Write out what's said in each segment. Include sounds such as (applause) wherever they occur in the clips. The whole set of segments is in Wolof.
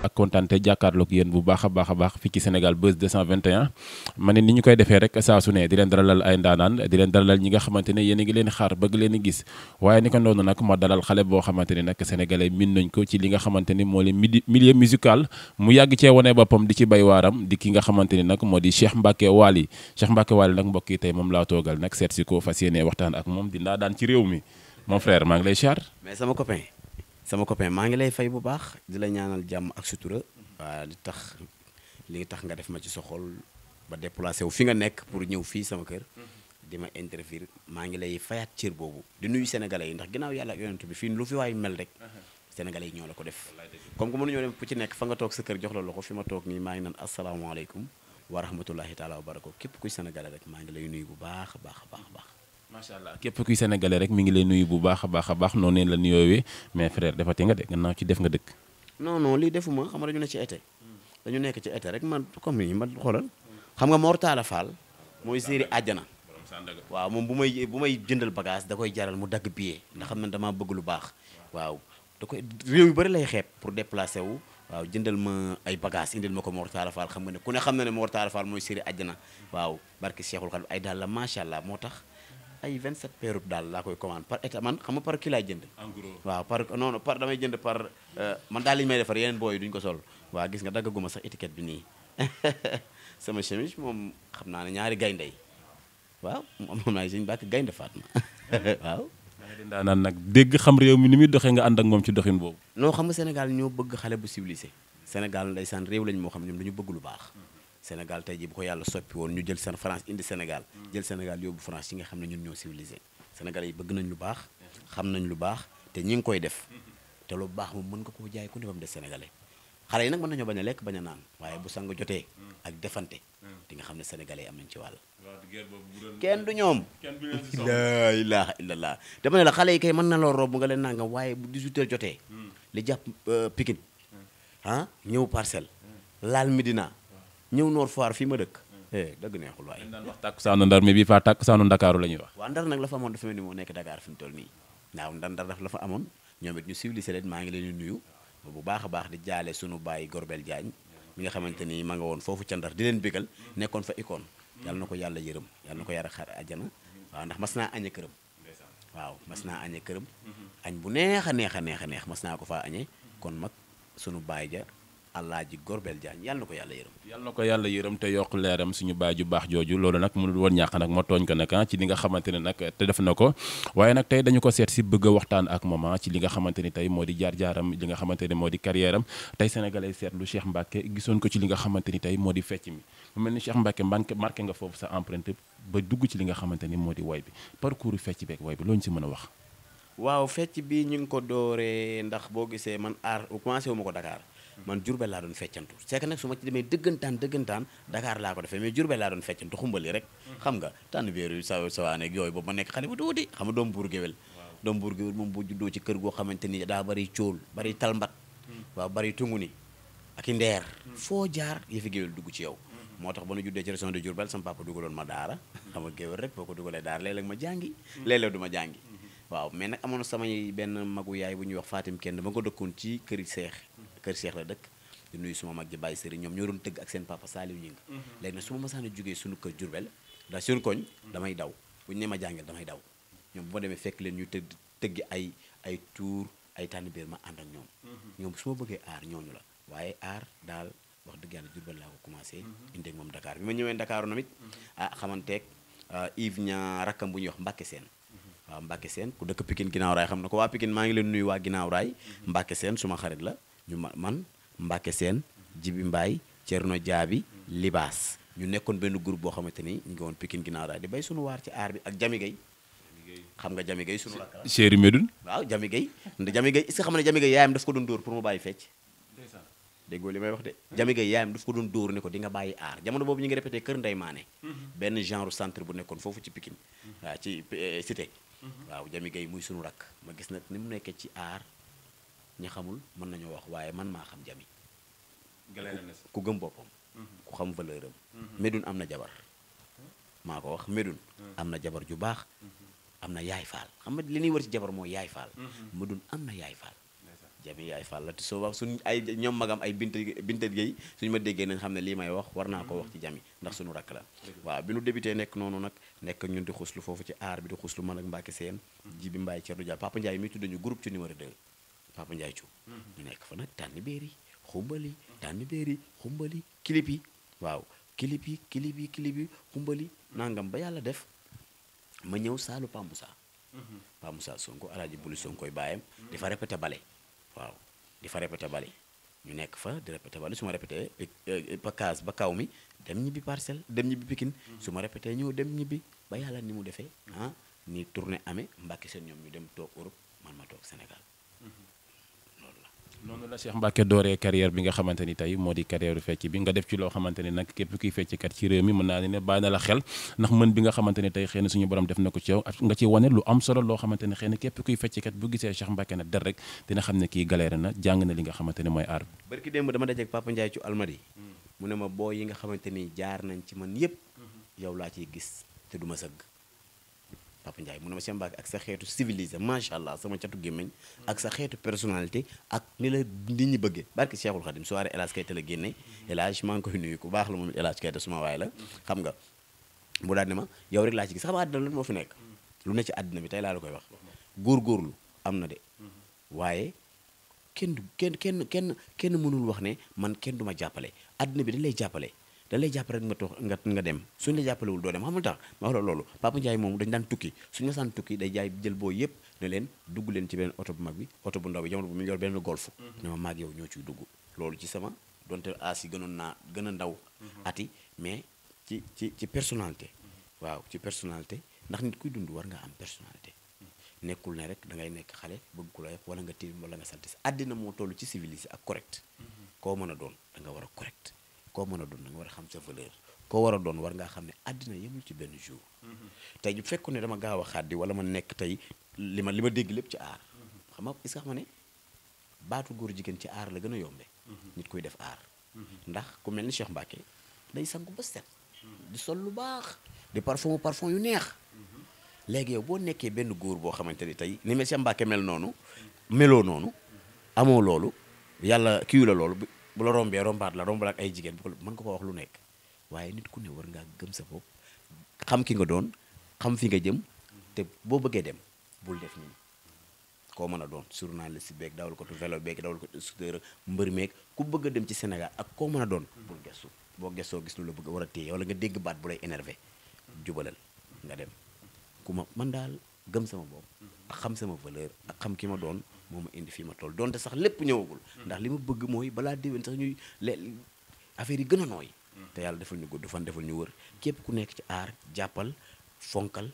ak kontaan te jàkkaarloog yéen bu baax a baax a baax fii ci Sénégal Buzz 221 ma ne ni ñu koy defee rek saa su ne di leen dalalal ay ndaanaan di leen dalalal ñi nga xamante ne yéen a leen xaar bëgg leen i gis waaye ni ko noonu nag ma dalal xale boo xamante ne nag sénégalais min nañ ko ci li nga xamante ni moo leen milieu musical mu yàgg cee wone boppam di ci bay waaram di ki nga xamante ni nag moo di Cheikh Mbacké Waly Cheikh Mbacké Waly nag mbokk yi tey moom laa toogal nag seet si ko fas yéene waxtaan ak moom di ndaanaan ci réew mi mon frère maa ngi mais sama copain sama copain maa ngi lay fay bu baax di la ñaanal jàmm ak sutura waa li tax li tax nga def ma ci sa ba déplacé wu fi nga nekk pour ñëw fii sama kër di ma interview maa ngi lay fayaat cër boobu di nuyu sénégalais yi ndax ginnaaw yàlla ak yonent bi fii lu fi waay mel rek sénégalais yi ñoo la ko def comme que mënuñoo dem ku ci nekk fa nga toog sa kër jox la loxo fi ma toog nii maa ngi naan asalaamaaleykum wa rahmatulahi taala wa barako képp kuy sénégalais rek maa ngi lay nuyu bu baax baax baax baax macha allah képp kuy sénégalais rek mu ngi lay nuyu bu baax a baax a baax noonu la nuyoowee mais frère defati nga de gannaaw ci def nga dëkk. non non lii defuma xam nga dañu ne ci nekk ci été rek man comme yi man xoolal. xam nga Mor Talla Fall. mooy séeri àjjana. waaw moom bu may bu may jëndal bagage da jaral mu dagg billet ndax xam na damaa bëgg lu baax. waaw da koy réew yu bëri lay xeeb pour déplacer wu. jëndal ma ay bagage indil ma ko Mor Talla xam nga ne ku ne xam na ne Mor Talla Fall mooy séeri àjjana. waaw barke Cheikhul Khadim ay daal la macha allah moo tax ay 27 paires daal laa koy commande par état man xam nga par kii laay jënd. en gros waaw par non non par damay jënd par euh, man daal li may defar yeneen booy duñ ko sol. waa gis nga daggaguma sax étiquette bi nii (laughs) sama chemise moom xam naa ne ñaari gaynde yi waaw moom naa sëñ bàkk gaynde Fatma (laughs) waaw. daa nag dégg xam réew mi ni muy doxee nga ànd ak moom ci doxin boobu. noo xam nga Sénégal ñoo bëgg xale bu civilisé Sénégal ndeysaan réew lañ moo xam ñoom dañu bëgg lu baax. Sénégal tey jii bu ko yàlla soppi woon ñu jël seen France indi Sénégal jël Sénégal yóbbu France ci nga xam ne ñun ñoo civilisé Sénégalais yi bëgg nañ lu baax xam nañ lu baax te ñi ngi koy def te lu baax moom mën nga koo jaay ku ne ba mu des xale yi nag mën nañoo bañ a lekk bañ a naan waaye bu sang jotee ak defante di nga xam ne Sénégalais yi am nañ ci wàll kenn du ñoom (laughs) laa ilaha illallah dama ne la xale yi kay mën na loo rob bu nga leen nangam waaye bu 18 heures jotee hmm. li jàpp euh, Pikine hmm. ah, ñëw parcelle laal Médina ñëw Nord Foire fii ma dëkk. Eh, dëgg neexul waaye. dañu daan wax takkusaanu Ndar mais bii faa takkusaanu Ndakaaru la ñuy wax. waaw Ndar nag la fa amoon dafa mel ni moo nekk Dakar fi mu toll nii naaw amoon ñoom it ñu civilisé maa ngi leen di bu baax a baax di jaale sunu baay Gorbel Diagne mi nga xamante ni ma nga woon foofu ca Ndar di leen bégal nekkoon fa icône yàlla na ko yàlla yërëm yàlla na ko yàlla xar àjjana waaw ndax mas naa añe këram waaw mas naa añe këram mm-hmm. añ bu neex a neex a neex a neex mas naa ko faa añe kon mag sunu baay ja ji Gorbel Diagne yàlla na ko yàlla yërëm yàlla na yàlla yërëm te yokk leeram suñu baay ju baax jooju loolu nag mënul woon ñàq nag ma tooñ ko nag ah, ci li nga xamante ne nag te def na ko waaye nag tey dañu ko seet si bëgg waxtaan ak maman ah, ci li nga xamante ni tey moo di jaar-jaaram li xamante ne moo di carrière am tey sénégalais seetlu Cheikh Mbacke gisoon ko ci li nga xamante ni tey moo di fecc mi mu mel ni Cheikh Mbacke mbanque marqué nga foofu sa emprent ba dugg ci li nga xamante ni moo di woy bi parcours fecc beeg woy bi looñu si mën a wax waaw fecc bi ñu ngi ko dooree ndax boo gisee man aar commencé wu ko Dakar man Jurbel laa doon feccantu c'est nag su ma ci demee dëggantaan dëggantaan Dakar laa ko defee mais Jurbel laa doon feccantu xumbali rek xam nga tànn biéeru sa sawaaneeg yooyu boobu ma nekk xale bu tuuti xam nga doom buur géwél doom ci kër goo bari cóol bari talmbat hmm. bari tungu ni ak i ndeer hmm. foo jaar yëfi dugg ci yow hmm. moo tax ba nu juddee ci région de Diourbel sama papa dugaloon ma daara xam nga géwél rek boo ko dugalee daara léeg-léeg ma jàngi léeg ma jàngi waaw mais nag amoon na benn magu bu ñuy wax Fatim kenn dama ko dëkkoon ci këri seex kër Cheikh la dëkk di nuyu suma mag ji Baye Serigne ñoom ñoo doon tëgg ak seen papa Saliou Ñing mhm. léegi nag su ma masaan a jógee suñu kër Jurbel da seen koñ mhm. damay daw bu ñu ne ma jàngel damay daw ñoom bu demee fekk leen ñu tëgg ay ay tuur ay tànn ma ànd ak ñoom mhm. ñoom su ma bëggee aar ñooñu la waaye aar daal wax dëgg yàlla Jurbel laa ko commencé indi moom Dakar bi ma ñëwee Dakar namit ah xamanteeg ah, Yves ña rakkam bu ñuy wax Mbàkke Seen waaw Mbàkke Seen ku dëkk Pikine ginnaaw raay xam na ko waa Pikine maa ngi leen nuyu waa ginnaaw raay Seen suma xarit la ñu ma man Mbacke Sène Jibi Mbaye Thierno Diaby Libaas ñu nekkoon benn groupe boo xamante ni ñu ngi woon Pikine ginnaaw daal di béy suñu waar ci aar bi ak Jami xam nga Jami Gueye suñu la Chéri Medoune waaw Jami Gueye ndax Jami Gueye est-ce que xam ne Jami yaayam daf ko doon dóor pour mu bàyyi fecc déggoo li wax de Jami Gueye yaayam daf ko doon dóor ne ko di nga bàyyi aar jamono boobu ñu ngi répété Kër Ndey Maane mhm. benn genre centre bu nekkoon foofu ci Pikine mhm. waaw ci eh, cité mhm. waaw Jami Gueye muy suñu rakk ma gis nag ni mu nekkee ci aar ñi xamul mën nañoo wax waaye man maa xam jami ku gëm boppam mhm. ku xam valeur am mhm. Médoune am na jabar mhm. maa ko wax Médoune am na jabar ju baax am na yaay faal xam nga li ñuy war ci jabar mooy yaay faal Médoune am na yaay faal jami yaay faal la te soo wax suñ ay ñoom magam ay binte binte géey suñu ma déggee nañ xam ne lii may wax war naa ko wax ci jami ndax suñu rakk la waaw bi nu débuté nekk noonu nag nekk ñun di xuslu foofu ci aar bi di xuslu man ak Mbacke Seen ji bi Mbaye Thierno Dia Papa Ndiaye mi tudd ñu Papa Ndiaye Thiou ñu nekk fa nag tànn béer yi xumbali tànn béer yi xumbali clip yi waaw clip yi clip yi clip yi xumbali nangam ba yàlla def ma ñëw saalu Pa Moussa Pa Moussa Sonko Sonkoy baayam di fa répété bale waaw di fa répété bale ñu nekk fa di répété su ma répété eh, ba kaw mi dem ñibbi parcelle dem ñibbi Pikine su ma répété ñëw dem ñibbi ba yàlla ni mu defee ah ni tournée amee Mbàkke seen ñoom ñu dem toog Europe man ma toog Sénégal noonu la Cheikh Mbacke dooree carrière bi nga xamante ni tey moo di carrière fecc bi nga def ci loo xamante ni nag képp kuy fecckat ci réew mi mën naa ne bàyyi na la xel ndax mën bi nga xamante ni tey xëy na suñu borom def na ko ci yow nga ci wane lu am solo loo xamante ni xëy na képp kuy fecckat bu gisee Cheikh Mbacke na der rek dina xam ne kii galère na jàng na li nga xamante ni mooy aar bi barki démb dama dajeek Papa Ndiaye ci Almadi mm. mu ne ma boo yi nga xamante ni jaar nañ ci man yëpp mm-hmm. yow laa ciy gis te du ma sëgg Papa Ndiaye mu ne ma Cheikh Mbacké ak sa xeetu civilisé macha allah sama catu gémmiñ ak sa xeetu personnalité ak ni la nit ñi bëggee barki Cheikhul Khadim soirée El Hadj Keita la génne El Hadj maa ngi koy nuyu ku baax la moom El Hadj Keita suma waay xam nga mu daal ne ma yow rek laa ci sax xam àddina lan moo fi nekk lu ne ci àddina bi tey laa la koy wax góor góorlu am na de waaye kenn du kenn kenn kenn kenn mënul wax ne man kenn du ma jàppale àddina bi dañ lay jàppale da lay jàpp rek nga toog nga dem suñu la jàppalewul doo dem xamul tax ma wax la loolu Papa Ndiaye moom dañ daan tukki suñu masaan tukki day jaay jël boo yëpp ne leen dugg leen ci beneen oto bu mag bi oto bu ndaw bi jamono bu mu yor benn golf ne mhm. ma maag yow ñoo ciy dugg loolu ci sama donte aas yi gënoon naa gën a ndaw mhm. ati mais ci ci ci personnalité mhm. waaw ci personnalité ndax nit kuy dund war nga am personnalité nekkul ne rek dangay nekk xale bëgg ku la yëpp wala nga tilim wala nga saltis àddina moo toll ci civilisé ak correct koo mën a doon da nga war a koo mën a doon nga war a xam sa valeur koo war a doon war ngaa xam ne àddina yemul ci benn jour mhm. tey bu fekkoon ne dama gaaw a xàddi wala ma nekk tey li ma li ma dégg lépp ci aar mhm. xam nga is nga ne baatu góor jigéen ci aar la gën a yombe mhm. nit kuy def aar ndax ku mel ni Cheikh Mbacke day sangu ba set di sol lu baax di parfum parfum yu neex léegi yow boo nekkee benn góor boo xamante ni tey ni ma Cheikh Mbacke mel noonu meloo noonu amoo loolu yàlla kiiw la loolu bu la rombee rombaat la romb la ay jigéen bu ko mën nga ko wax lu nekk waaye nit ku ne war ngaa gëm sa bopp xam ki nga doon xam fi nga jëm te boo bëggee dem bul def nii koo mën a doon si beeg dawal ko tu velo beeg dawal ko scooter mbër meek ku bëgg a dem ci Sénégal ak koo mën a doon bul gestu boo gestoo gis lu la bëgg war a téye wala nga dégg baat bu lay énervé jubalal nga dem ku ma man daal gëm sama bopp ak xam sama valeur ak xam ki ma doon moom ma indi fii ma tool donte sax lépp ñëwagul. ndax li ma bëgg mooy balaa déwén sax ñuy le affaire yi gën a nooy. Mm. te yàlla defal ñu gudd fan defal ñu wër képp ku nekk ci aar jàppal fonkal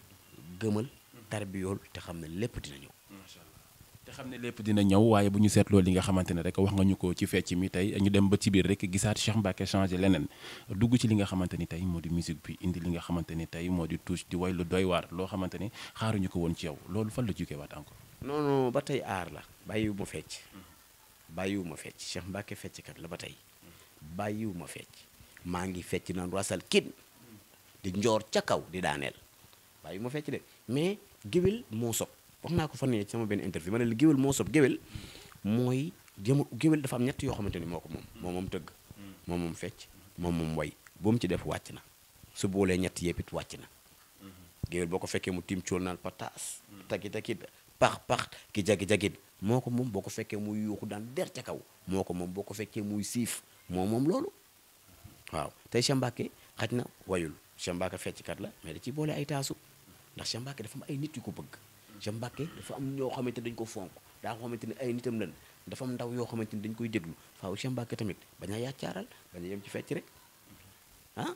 gëmal. Mm. tarbiyool te xam ne lépp dina ñëw. te xam ne lépp dina ñëw waaye bu ñu seetloo li nga xamante ne rek wax nga ñu ko ci fecc mi tey ñu dem ba ci biir rek gisaat Cheikh Mbacké changé leneen dugg ci li nga xamante ni tey moo di musique bi indi li nga xamante ni tey moo di touche di way lu doy waar loo xamante ni xaaruñu ko woon ci yow loolu fan la jógewaat encore. non ba tey aar la bàyyiwu ma fecc bàyyiwu ma fecc Cheikh Mbacke fecckat la ba tey bàyyiwu ma fecc maa ngi fecc naanu wasal kin di njoor ca kaw di daaneel bàyyiwu ma fecc de mais géwél moo sob wax naa ko fan ne ci sama benn interview ma ne géwél moo sob géwél mooy jëm géwél dafa am ñett yoo xamante ni moo ko moom moom moom tëgg moom moom fecc moom moom way bu mu ci def wàcc na su boolee ñett yëpp wàcc na mm-hmm. géwél boo ko fekkee mu tiim cool naan pataas mm-hmm. takki takki pax pax ki jagi-jagit moo ko moom boo ko fekkee muy yuuxu daan der kaw moo ko moom boo ko fekkee muy siif moo moom loolu waaw tey Cheikh Mbacké xaj na wayul Cheikh Mbacké fecckat la mais da ciy boole ay taasu ndax Cheikh Mbacké dafa am ay nit yu ko bëgg Cheikh Mbacké dafa am ñoo xamante dañ ko fonk daa ko xamante ne ay nitam lan dafa am ndaw yoo xamante ni dañ koy déglu faaw Cheikh Mbacké tamit bañ a yaccaaral bañ yem ci fecc rek ah?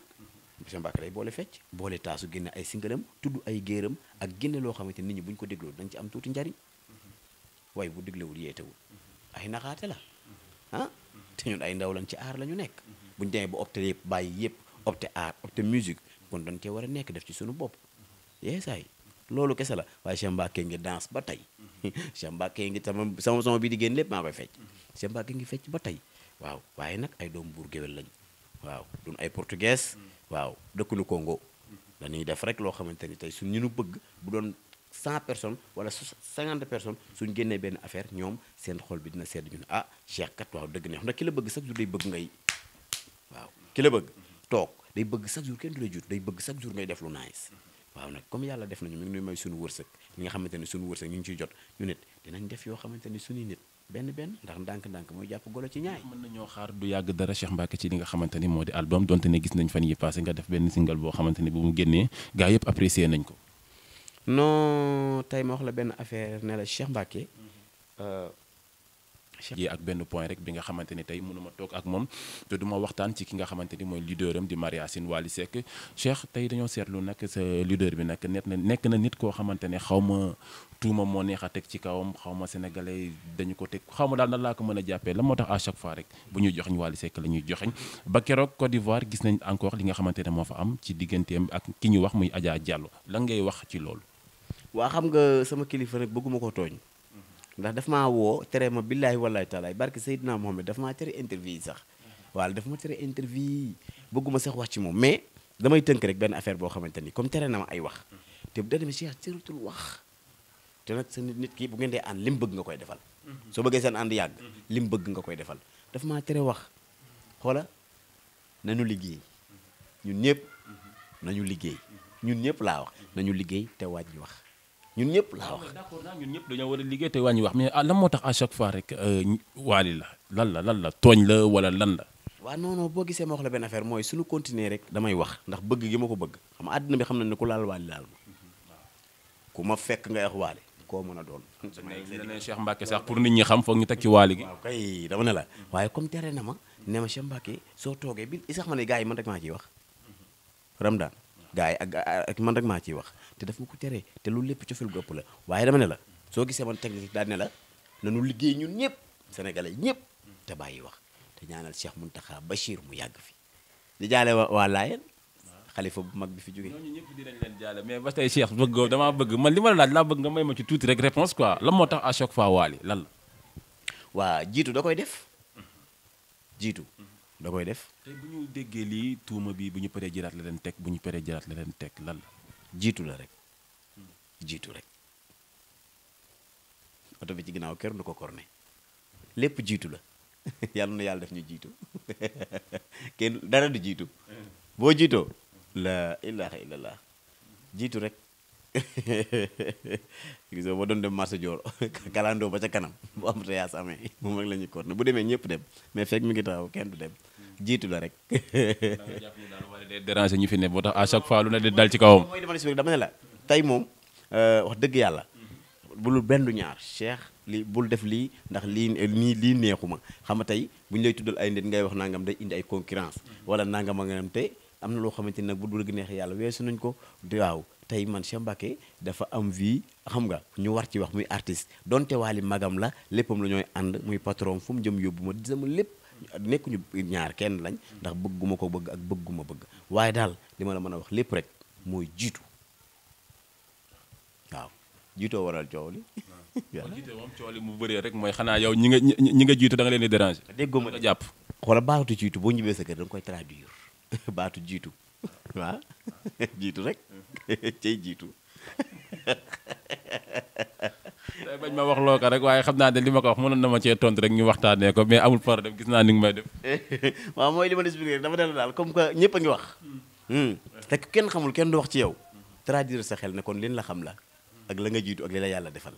Sëñ Mbàkke day boole fecc boole taasu génne ay singalam tudd ay géeram ak génne loo xamante nit ñi buñ ko dégloo dañ ci am tuuti njariñ waaye bu déglewul yeetewul ay naxaate la ah te ñun ay ndaw lañ ci aar la ñu nekk buñ ñu demee ba opté yëpp bàyyi yëpp opté aar opté musique kon dañ cee war a nekk def ci sunu bopp yeesaay loolu kese la waaye Cheikh Mbacke ngi danse ba tey (laughs) Cheikh Mbacke ngi sama sama sama bi di génn lépp maa koy fecc Cheikh Mbacke ngi fecc ba tey waaw waaye nag ay doom buur géwél lañu waaw duñ ay portugais waaw dëkkuñu Congo dañuy def rek loo xamante ni tey suñ ñu nu bëgg bu doon cent personnes wala cinquante personnes suñ génnee benn affaire ñoom seen xol bi dina sedd ñu ne ah Cheikh kat waaw dëgg neex ndax ki la bëgg chaque jour day bëgg ngay waaw ki la bëgg toog day bëgg chaque jour kenn du lay jur day bëgg chaque jour ngay def lu nice waaw nag comme yàlla def nañu mi ngi nuy may suñu wërsëg ñi nga xamante ni suñu wërsëg ñu ngi ciy jot ñu nit dinañ def yoo xamante ni suñuy nit benn benn ndax ndànk-ndànk mooy jàpp golo ci ñaay. na nañoo xaar du yàgg dara Cheikh Mbacké ci li nga xamante ni moo di album donte ne gis nañ fan yi passé nga def benn single boo xamante ni bu mu génnee gaa yëpp apprécier nañ ko. noo tey ma wax la benn affaire ne la Cheikh mhm. euh, yi ak benn point rek bi nga xamante ni tey mënuma toog ak moom te duma waxtaan ci ki nga xamante ni mooy leader am di Maria Sine Wally Seck Cheikh tey dañoo seetlu nag sa leader bi nag net na nekk na nit koo xamante ne xaw ma tuuma moo neex a teg ci kawam xaw ma sénégalais dañu ko teg xaw ma daal nan laa ko mën a jàppee la moo tax à chaque fois rek bu ñuy joxeñ Wally sekk la ñuy joxeñ ba keroog Côte d'Ivoire gis nañ encore li nga xamante ne moo fa am ci digganteem ak ki ñu wax muy Adja Diallo lan ngay wax ci loolu waa xam nga sama kilifa rek bëgguma ko tooñ ndax daf maa woo tere ma billaahi wallaahi taalaay barke Seydina Mohamed daf maa tere interview yi sax waaw daf ma tere interview bëgguma sax wax ci moom mais damay tënk rek benn affaire boo xamante ni comme tere na ma ay wax te bu da demee Cheikh tëratul wax te nag sa nit ki bu ngeen dee ànd lim bëgg nga koy defal soo bëggee seen ànd yàgg lim bëgg nga koy defal daf maa tere wax xoola nañu liggéey ñun ñëpp nañu liggéey ñun ñëpp laa wax nañu liggéey te waaj wax ñun ñëpp laa wax. d'accord ñun war a liggéey te wàññi wax mais ah, lan moo tax à chaque fois rek euh, waali la lan la la tooñ la wala lan la. waaw non boo gisee ma wax la benn affaire mooy su suñu continuer rek damay wax ndax bëgg gi ma ko bëgg xam nga àddina bi xam na ne ku laal waali laal ma ma fekk nga wax koo mën a doon. ne Cheikh Mbacke sax pour nit ñi xam foog ñu teg ci waali la waaye comme tere na ma ne ma Cheikh Mbacke soo toogee bi sax ma ne gars yi man rek maa ciy wax Ramadan gars yi ak man rek maa ciy wax te daf ma ko tere te loolu lépp cofeel gu ëpp la waaye dama ne la soo gisee man technique daal ne la nanu liggéey ñun ñëpp sénégalais ñëpp te yi wax te ñaanal Cheikh Mountakha Bachir mu yàgg fi di jaale waa waa Laayeen xalifa bu mag bi fi jógee ñooñu ñëpp dinañ leen jaale mais ba tey Cheikh bëgg damaa bëgg ma li ma la laaj laa bëgg nga may ma ci tuuti rek réponse quoi la moo tax a chaque fois waali lan la waa jiitu da koy def jiitu da koy def. te bu ñu déggee lii tuuma bi bu ñu paree jëlaat la leen teg bu ñu paree jëlaat la leen teg lal jiitu la rek hmm. jiitu rek oto bi ci ginnaaw kër du ko korne lépp jiitu la (laughs) yàlla na yàlla def ñu jiitu (laughs) kenn dara du jiitu. Hmm. boo jiitoo. la ilaha illallah jiitu rek. (laughs) gis nga boo doon dem marché Dior (laughs) kalandoo ba ca kanam bu am te yaas amee (laughs) moom rek la ñuy na bu demee ñëpp dem mais fekk mi ngi taxaw kenn du dem jiitu la rek. déranger ñu fi ne boo tax à chaque fois lu ne de dal ci kawam. mooy dama ne dama ne la tey moom euh, wax dëgg yàlla. bul benn du ñaar Cheikh li bul def lii ndax lii nii lii neexuma xam nga tey bu ñu lay tuddal ay nit ngay wax nangam day indi ay concurrence wala nangam a nga am te am na loo xamante ni bu dul neex yàlla weesu nañ ko waaw tey man Cheikh Mbacké dafa am vie xam nga ñu war ci wax muy artiste donte waali magam la léppam lañooy ànd muy patron fu mu jëm yóbbu ma di sama lépp nekkuñu ñaar kenn lañ ndax bëgguma ko bëgg ak bëgguma bëgg waaye daal li ma la mën a wax lépp rek mooy jiitu waaw jiitoo waral coow li (laughs) waaw jiite moom coow li mu bëree rek mooy xanaa yow ñi nga ñi nga jiitu da nga leen di déranger déggoo ma jàpp xoola baatu jiitu boo ñibbee sa kër da nga koy traduire (laughs) baatu jiitu waaw (laughs) jiitu rek (laughs) cay jiitu. tey bañ ma wax ko rek waaye xam naa de li ma ko wax mënoon na ma cee tontu rek ñu waxtaanee ko mais amul problème gis naa ni nga may def. (laughs) waaw mooy li ma expliqué dafa dal daal comme que ñëpp a ngi wax. Hmm. te kenn xamul kenn du wax ci yow. traduire sa xel ne kon liñ la xam la. ak la nga jiitu ak li la yàlla defal.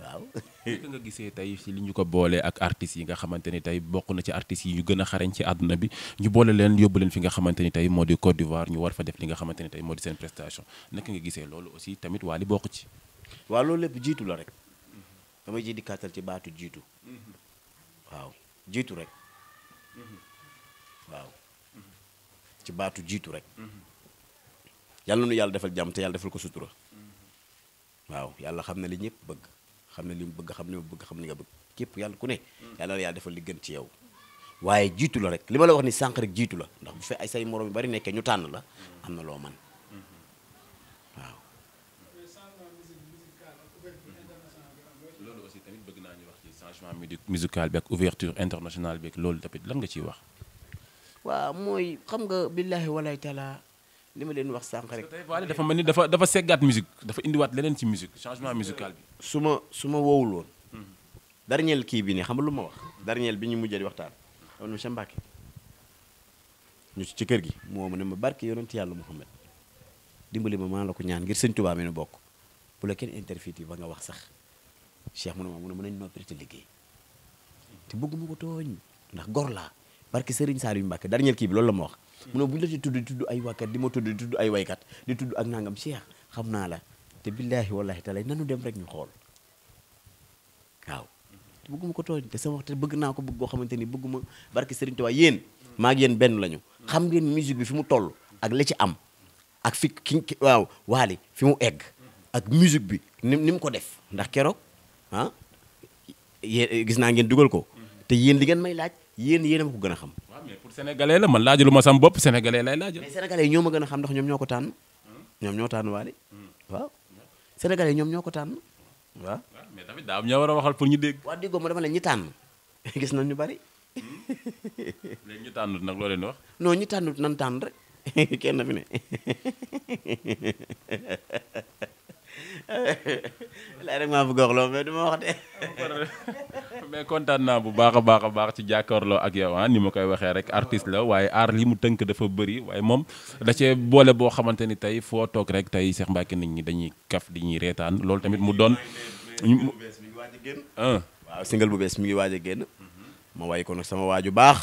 waaw. naka nga gisee tey ci li ñu ko boolee ak artistes yi nga xamante ni tey bokk na ci artistes yi ñu gën a xarañ ci àdduna bi ñu boole leen yóbbu leen fi nga xamante ni tey moo di Côte d'Ivoire ñu war fa def li nga xamante ni tey moo di seen prestation naka nga gisee loolu aussi tamit waa li bokk ci. waaw loolu lépp jiitu la rek. damay ji di kàttal ci baatu jiitu. waaw jiitu rek. waaw ci baatu jiitu rek. yàlla na nu yàlla defal jàmm te yàlla defal ko sutura. waaw yàlla xam na li ñëpp bëgg. xam ne li mu bëgg xam ne ma bëgg xam ne nga bëgg képp yàlla ku ne yàlla la yàlla defal li ci yow waaye jiitu la rek li ma la wax ni sànq rek jiitu la ndax bu fekk ay say morom yu bari nekkee ñu tànn la am na loo man waaw loolu aussi tamit naa ñu wax ci changement musical bi ak ouverture internationale loolu tamit lan nga ciy wax mooy xam nga billaahi walaay taala li ma leen wax sànq rek. dafa mel ni dafa dafa seggaat musique dafa indiwaat leneen ci musique changement musical su ma su ma woowul woon. kii bi nii xam nga lu ma wax. dernier bi ñu mujjee di waxtaan. am na monsieur Mbacke ci kër gi moo ma ne ma barke yonent yàlla Muhammad dimbali ma maa la ko ñaan ngir sëñ Tuubaa mi nu bokk bu la kenn yi ba nga wax sax Cheikh mu ne ma mu ne mën nañ noppi te liggéey te bëgguma ko tooñ ndax gor laa barke Serigne Saliou Mbacke dernier kii bi loolu la ma wax. mu ne bu ñu la ci tudd tudd ay waykat di ma tudd di tudd ay waykat di tudd ak nangam Cheikh xam naa la te billaahi wallaahi taalay nanu dem rek ñu xool waaw bëgguma ko tooñ te sama waxte bëgg naa ko bëgg boo xamante ni bëgguma barke Serigne Touba yéen maa ngi yéen benn lañu xam ngeen musique bi fi mu toll ak la ci am ak fi ki waaw waali fi mu egg ak musique bi ni ni mu ko def ndax keroog ah yéen gis naa ngeen dugal ko te yéen li ngeen may laaj yéen yéen a gën a xam mais pour sénégalais la man laaj lu ma sam bopp sénégalais lay laaj. mais sénégalais ñoo ma gën a xam ndax ñoom ñoo ko tànn. ñoom ñoo taanu Wally hmm. waaw sénégalais ñoom ñoo ko tànn waaw. Ah, mais tamit ñoo war a waxal pour ñu dégg. waa déggoo ma leen ñi tànn (laughs) gis nañ ñu bari. Hmm. léegi ñu tànnut nag loo leen wax. non ñi tànn rek (laughs) kenn fi ne. (laughs) laaj rek maa bëgg a wax loolu mais ma wax de. mais kontaan naa bu baax a baax a baax ci jàkkaarloo ak yow ah ni ma koy waxee rek artiste la waaye aar li mu tënk dafa bëri waaye moom da cee boole boo xamante ni tey foo toog rek tey Cheikh Mbacké nit ñi dañuy kaf di ñuy reetaan loolu tamit mu doon. waaw bu bees mi ngi waaj a génn. Ah. ko nag sama waaju baax.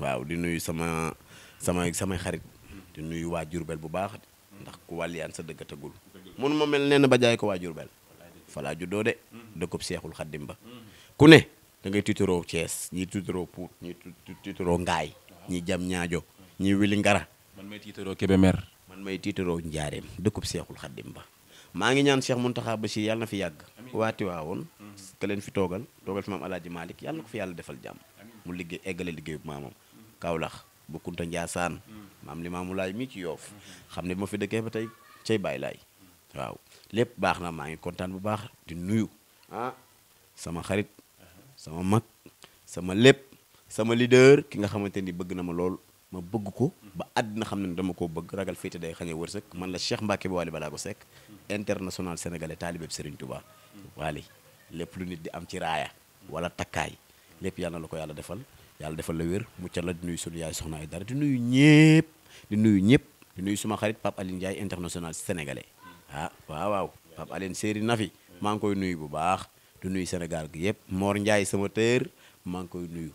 waaw di nuyu sama sama samay xarit. di nuyu waa Jurbel bu baax. ndax ku wàlliyaan sa dëgg tagul. mënu ma mel nenn ba jaay ko waa Jurbel. fa laa juddoo de. dëkkub Seexul Xaddim ba ku ne da ngay tiitaroo Thiès ñii tiitaroo Pout ñii tiitaroo Ngaay ñii jam ñaajo ñii wili ngara man may tiitaroo Kébémer man may tiitaroo Njaareem dëkkub Seexul Xaddim ba maa ngi ñaan Cheikh Mountakha Bachir yàlla na fi yàgg waati waawoon ka fi toogal toogal fi maam Alaaji Malick yàlla na ko fi yàlla defal jàmm mu liggéey eggale liggéey bu maamam Kaolack bu Kunta Njaasaan maam li mu laay mii ci yoof xam ne bu ma fi dëkkee ba tey cay bàyyi laay waaw lépp na maa ngi kontaan bu baax di nuyu ah sama xarit sama mag sama lépp sama leader ki nga xamante ni bëgg na ma lool ma bëgg ko ba àddina xam ne dama koo bëgg ragal féete day xañee wërsëg man la Cheikh Mbacke Wally Ballago Seck international sénégalais taalibeeb Serigne Touba Wally lépp lu nit di am ci raaya wala takkaay lépp yàlla na la ko yàlla defal yàlla defal la wér mucca la di nuyu sunu yaay soxna ay dara di nuyu ñëpp di nuyu ñëpp di nuyu suma xarit Pape Aline Ndiaye international sénégalais ah, waaw waaw Pape Aline séeri na maa ngi koy nuyu bu baax du nuyu Sénégal gi yëpp Mor Ndiaye sama tër maa ngi koy nuyu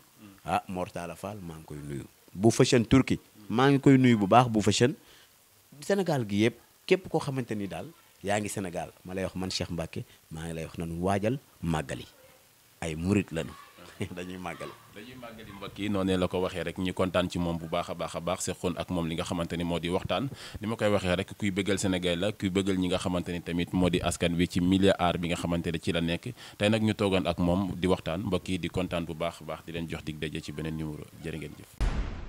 ah Mor Talla Fall maa ngi koy nuyu bu fashion Turquie maa ngi koy nuyu bu baax bu fashion Sénégal gi yëpp képp koo xamante ni daal yaa ngi Sénégal ma lay wax man Cheikh Mbacke maa ngi lay wax nanu waajal màggali ay murit lañu (laughs) dañuy màggali dañuy màggali mbokk yi noonu la ko waxee rek ñi kontaan ci moom bu baax a baax a baax seqoon ak moom li nga xamante ni moo di waxtaan ni ma koy waxee rek kuy bëggal Sénégal la kuy bëggal ñi nga xamante ni tamit moo di askan bi ci milliard bi nga xamante ne ci la nekk tey nag ñu toogoon ak moom di waxtaan mbokk yi di kontaan bu baax a baax di leen jox dig daje ci beneen numéro jërë ngeen jëf